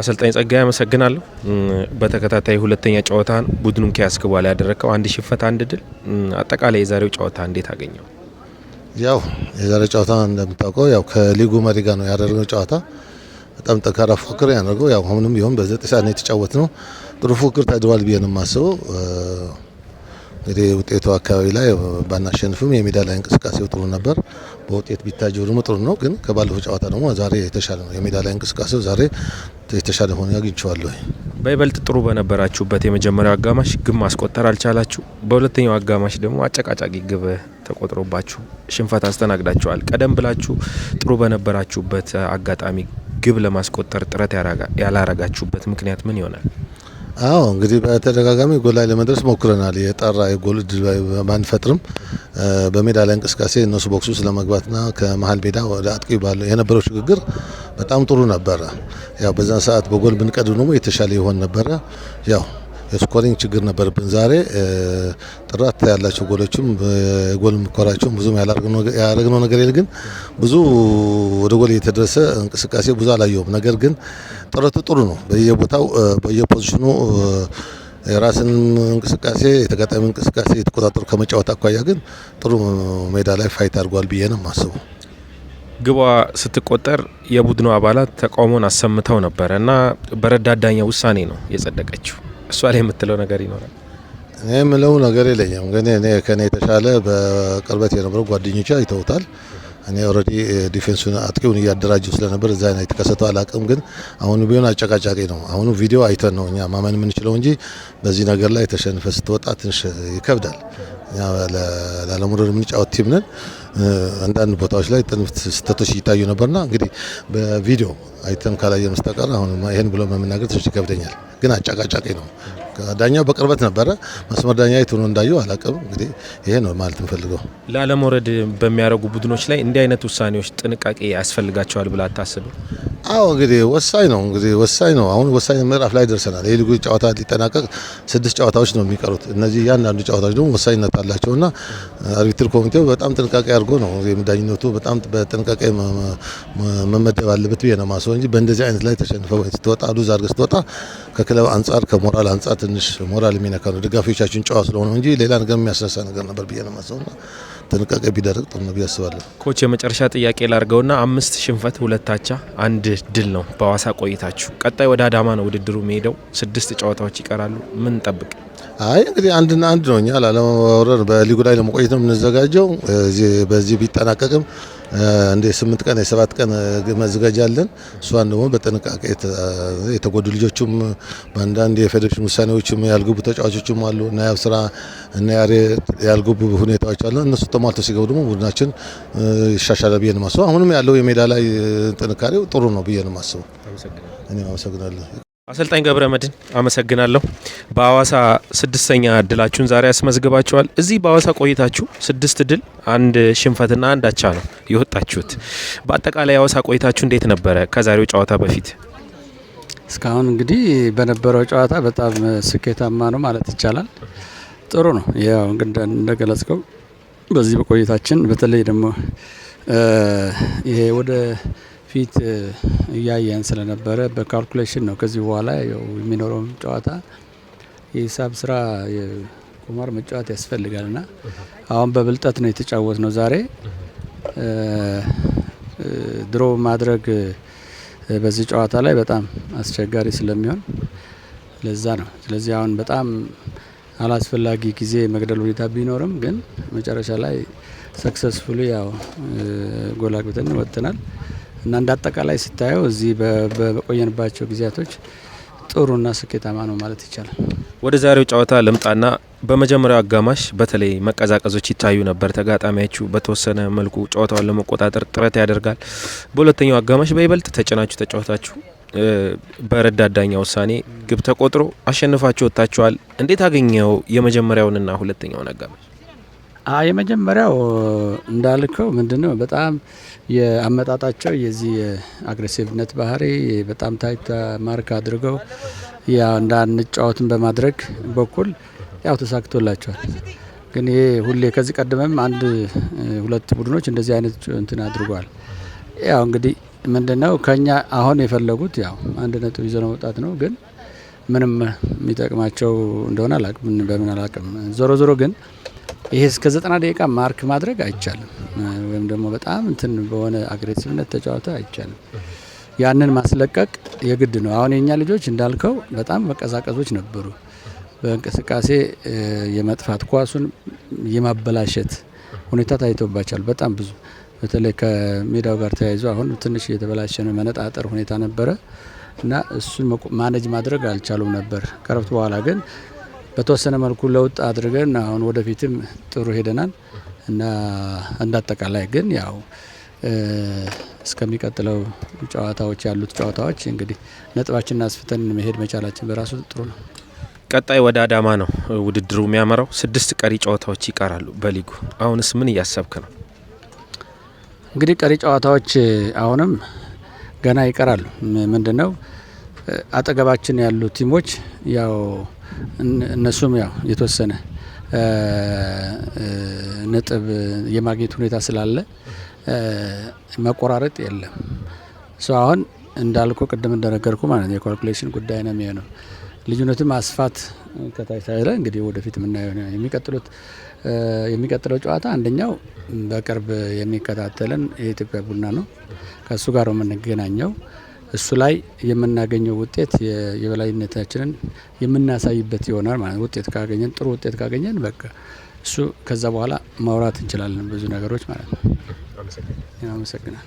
አሰልጣኝ ጸጋ አመሰግናለሁ። በተከታታይ ሁለተኛ ጨዋታን ቡድኑን ከያስክ በኋላ ያደረግከው አንድ ሽንፈት አንድ ድል፣ አጠቃላይ የዛሬው ጨዋታ እንዴት አገኘው? ያው የዛሬው ጨዋታ እንደምታውቀው ያው ከሊጉ መሪ ጋር ነው ያደረግነው ጨዋታ። በጣም ጠንካራ ፉክክር ያደርገው ያው አሁንም ቢሆን በዘጠኝ ሰዓት ነው የተጫወት ነው። ጥሩ ፉክክር ታድሯል ብዬ ነው የማስበው። እንግዲህ ውጤቱ አካባቢ ላይ ባናሸንፍም የሜዳ ላይ እንቅስቃሴው ጥሩ ነበር። በውጤት ቢታጀሩ ጥሩ ነው። ግን ከባለፈው ጨዋታ ደግሞ ዛሬ የተሻለ ነው። የሜዳ ላይ እንቅስቃሴው ዛሬ የተሻለ ሆኖ አግኝቼዋለሁ። በይበልጥ ጥሩ በነበራችሁበት የመጀመሪያው አጋማሽ ግብ ማስቆጠር አልቻላችሁ። በሁለተኛው አጋማሽ ደግሞ አጨቃጫቂ ግብ ተቆጥሮባችሁ ሽንፈት አስተናግዳችኋል። ቀደም ብላችሁ ጥሩ በነበራችሁበት አጋጣሚ ግብ ለማስቆጠር ጥረት ያላረጋችሁበት ምክንያት ምን ይሆናል? አዎ እንግዲህ በተደጋጋሚ ጎል ላይ ለመድረስ ሞክረናል። የጠራ የጎል እድል ባንፈጥርም በሜዳ ላይ እንቅስቃሴ እነሱ ቦክስ ውስጥ ለመግባትና ከመሀል ሜዳ ወደ አጥቂ ባለው የነበረው ሽግግር በጣም ጥሩ ነበረ። ያው በዛን ሰዓት በጎል ብንቀድም ደግሞ የተሻለ ይሆን ነበረ ያው የስኮሪንግ ችግር ነበርብን። ዛሬ ጥራት ያላቸው ጎሎችም ጎል ምኮራቸውም ብዙም ያደረግነው ነገር የለ፣ ግን ብዙ ወደ ጎል እየተደረሰ እንቅስቃሴ ብዙ አላየውም። ነገር ግን ጥረቱ ጥሩ ነው። በየቦታው በየፖዚሽኑ የራስን እንቅስቃሴ የተጋጣሚ እንቅስቃሴ የተቆጣጠሩ ከመጫወት አኳያ ግን ጥሩ ሜዳ ላይ ፋይት አድርጓል ብዬ ነው ማስቡ። ግቧ ስትቆጠር የቡድኑ አባላት ተቃውሞን አሰምተው ነበረ እና በረዳት ዳኛ ውሳኔ ነው የጸደቀችው። ላይ የምትለው ነገር ይኖራል? እኔ የምለው ነገር የለኝም፣ ግን እኔ ከኔ የተሻለ በቅርበት የነበረው ጓደኞቼ አይተውታል። እኔ ኦልሬዲ ዲፌንሱን eh, አጥቂውን እያደራጀው ስለነበር እዛ የተከሰተው አላቅም። ግን አሁን ቢሆን አጨቃጫቂ ነው። አሁኑ ቪዲዮ አይተን ነው እኛ ማመን የምንችለው እንጂ በዚህ ነገር ላይ ተሸንፈ ስትወጣ ትንሽ ይከብዳል። ላለመውረድ የምንጫወት ቲም ነን። አንዳንድ ቦታዎች ላይ ጥንፍት ስህተቶች ይታዩ ነበርና እንግዲህ በቪዲዮ አይተን ካላየ መስተቀር አሁን ይህን ብሎ መናገር ትንሽ ይከብደኛል። ግን አጨቃጫቂ ነው። ዳኛው በቅርበት ነበረ። መስመር ዳኛ የት ሆኖ እንዳዩ አላቅም። እንግዲህ ይሄ ነው ማለት እንፈልገው። ላለመውረድ በሚያደርጉ ቡድኖች ላይ እንዲህ አይነት ውሳኔዎች ጥንቃቄ ያስፈልጋቸዋል ብላ አታስብም? አዎ እንግዲህ ወሳኝ ነው እንግዲህ ወሳኝ ነው። አሁን ወሳኝ ምዕራፍ ላይ ደርሰናል። ይህ ልጆች ጨዋታ ሊጠናቀቅ ስድስት ጨዋታዎች ነው የሚቀሩት። እነዚህ እያንዳንዱ ጨዋታዎች ደግሞ ወሳኝነት አላቸውና አርቢትር ኮሚቴው በጣም ጥንቃቄ አድርጎ ነው ዳኝነቱ በጣም በጥንቃቄ መመደብ አለበት ብዬ ነው ማስበው እንጂ በእንደዚህ አይነት ላይ ተሸንፈው ስትወጣ ሉዝ አድርገህ ስትወጣ ከክለብ አንጻር ከሞራል አንጻር ትንሽ ሞራል የሚነካ ነው። ደጋፊዎቻችን ጨዋ ስለሆነ እንጂ ሌላ ነገር የሚያስነሳ ነገር ነበር ብዬ ነው ማስበውና ጥንቃቄ ቢደረግ ጥሩ ነው ኮች የመጨረሻ ጥያቄ ላርገውና አምስት ሽንፈት፣ ሁለታቻ አንድ ድል ነው በሀዋሳ ቆይታችሁ። ቀጣይ ወደ አዳማ ነው ውድድሩ የሚሄደው። ስድስት ጨዋታዎች ይቀራሉ። ምን ጠብቅ? አይ እንግዲህ አንድና አንድ ነው። እኛ ላለመውረድ በሊጉ ላይ ለመቆየት ነው የምንዘጋጀው። በዚህ ቢጠናቀቅም እንደ ስምንት ቀን የሰባት ቀን መዘጋጃ አለን። እሷን ደግሞ በጥንቃቄ የተጎዱ ልጆችም በአንዳንድ የፌዴሬሽን ውሳኔዎችም ያልገቡ ተጫዋቾችም አሉ እና ያው ስራ እና ያሬ ያልገቡ ሁኔታዎች አሉ። እነሱ ተሟልቶ ሲገቡ ደግሞ ቡድናችን ይሻሻላል ብዬ ነው የማስበው። አሁንም ያለው የሜዳ ላይ ጥንካሬው ጥሩ ነው ብዬ ነው የማስበው። እኔ አመሰግናለሁ። አሰልጣኝ ገብረ መድን አመሰግናለሁ። በአዋሳ ስድስተኛ ድላችሁን ዛሬ ያስመዝግባችኋል። እዚህ በአዋሳ ቆይታችሁ ስድስት ድል አንድ ሽንፈትና አንድ አቻ ነው የወጣችሁት። በአጠቃላይ የአዋሳ ቆይታችሁ እንዴት ነበረ? ከዛሬው ጨዋታ በፊት እስካሁን እንግዲህ በነበረው ጨዋታ በጣም ስኬታማ ነው ማለት ይቻላል። ጥሩ ነው። ያው እንደገለጽከው በዚህ በቆይታችን በተለይ ደግሞ ይሄ ወደ ፊት እያየን ስለነበረ በካልኩሌሽን ነው። ከዚህ በኋላ የሚኖረውም ጨዋታ የሂሳብ ስራ ቁማር መጫወት ያስፈልጋል እና አሁን በብልጠት ነው የተጫወት ነው ዛሬ ድሮ ማድረግ በዚህ ጨዋታ ላይ በጣም አስቸጋሪ ስለሚሆን ለዛ ነው። ስለዚህ አሁን በጣም አላስፈላጊ ጊዜ መግደል ሁኔታ ቢኖርም ግን መጨረሻ ላይ ሰክሰስፉሊ ያው ጎል ወጥተናል። እና እንደ አጠቃላይ ስታየው እዚህ በቆየንባቸው ጊዜያቶች ጥሩና ስኬታማ ነው ማለት ይቻላል። ወደ ዛሬው ጨዋታ ልምጣና በመጀመሪያው አጋማሽ በተለይ መቀዛቀዞች ይታዩ ነበር። ተጋጣሚያችሁ በተወሰነ መልኩ ጨዋታውን ለመቆጣጠር ጥረት ያደርጋል። በሁለተኛው አጋማሽ በይበልጥ ተጭናችሁ ተጫወታችሁ፣ በረዳት ዳኛ ውሳኔ ግብ ተቆጥሮ አሸንፋችሁ ወጥታችኋል። እንዴት አገኘው የመጀመሪያውንና ሁለተኛውን አጋማሽ? የመጀመሪያው እንዳልከው ምንድነው በጣም የአመጣጣቸው የዚህ አግሬሲቭነት ባህሪ በጣም ታይታ ማርክ አድርገው ያው እንዳንጫወትን በማድረግ በኩል ያው ተሳክቶላቸዋል። ግን ይሄ ሁሌ ከዚህ ቀደምም አንድ ሁለት ቡድኖች እንደዚህ አይነት እንትን አድርጓል። ያው እንግዲህ ምንድነው ከኛ አሁን የፈለጉት ያው አንድ ነጥብ ይዘው መውጣት ነው። ግን ምንም የሚጠቅማቸው እንደሆነ አላቅም በምን አላቅም። ዞሮ ዞሮ ግን ይሄ እስከ ዘጠና ደቂቃ ማርክ ማድረግ አይቻልም፣ ወይም ደግሞ በጣም እንትን በሆነ አግሬሲቭነት ተጫወተ አይቻልም። ያንን ማስለቀቅ የግድ ነው። አሁን የኛ ልጆች እንዳልከው በጣም መቀዛቀዞች ነበሩ። በእንቅስቃሴ የመጥፋት ኳሱን የማበላሸት ሁኔታ ታይቶባቸዋል። በጣም ብዙ በተለይ ከሜዳው ጋር ተያይዞ አሁን ትንሽ የተበላሸ መነጣጠር ሁኔታ ነበረ እና እሱን ማነጅ ማድረግ አልቻሉም ነበር። ከረፍት በኋላ ግን በተወሰነ መልኩ ለውጥ አድርገን አሁን ወደፊትም ጥሩ ሄደናል እና እንዳጠቃላይ ግን ያው እስከሚቀጥለው ጨዋታዎች ያሉት ጨዋታዎች እንግዲህ ነጥባችን አስፍተን መሄድ መቻላችን በራሱ ጥሩ ነው። ቀጣይ ወደ አዳማ ነው ውድድሩ የሚያመራው። ስድስት ቀሪ ጨዋታዎች ይቀራሉ በሊጉ። አሁንስ ምን እያሰብክ ነው? እንግዲህ ቀሪ ጨዋታዎች አሁንም ገና ይቀራሉ። ምንድነው አጠገባችን ያሉ ቲሞች ያው እነሱም ያው የተወሰነ ነጥብ የማግኘት ሁኔታ ስላለ መቆራረጥ የለም። ሰው አሁን እንዳልኩ ቅድም እንደነገርኩ ማለት ነው የካልኩሌሽን ጉዳይ ነው የሚሆነው። ልዩነትም አስፋት ከታች እንግዲህ ወደፊት የምናየው የሚቀጥሉት የሚቀጥለው ጨዋታ አንደኛው በቅርብ የሚከታተለን የኢትዮጵያ ቡና ነው። ከእሱ ጋር ነው የምንገናኘው። እሱ ላይ የምናገኘው ውጤት የበላይነታችንን የምናሳይበት ይሆናል ማለት ነው። ውጤት ካገኘን ጥሩ ውጤት ካገኘን በቃ እሱ ከዛ በኋላ ማውራት እንችላለን ብዙ ነገሮች ማለት ነው። አመሰግናል።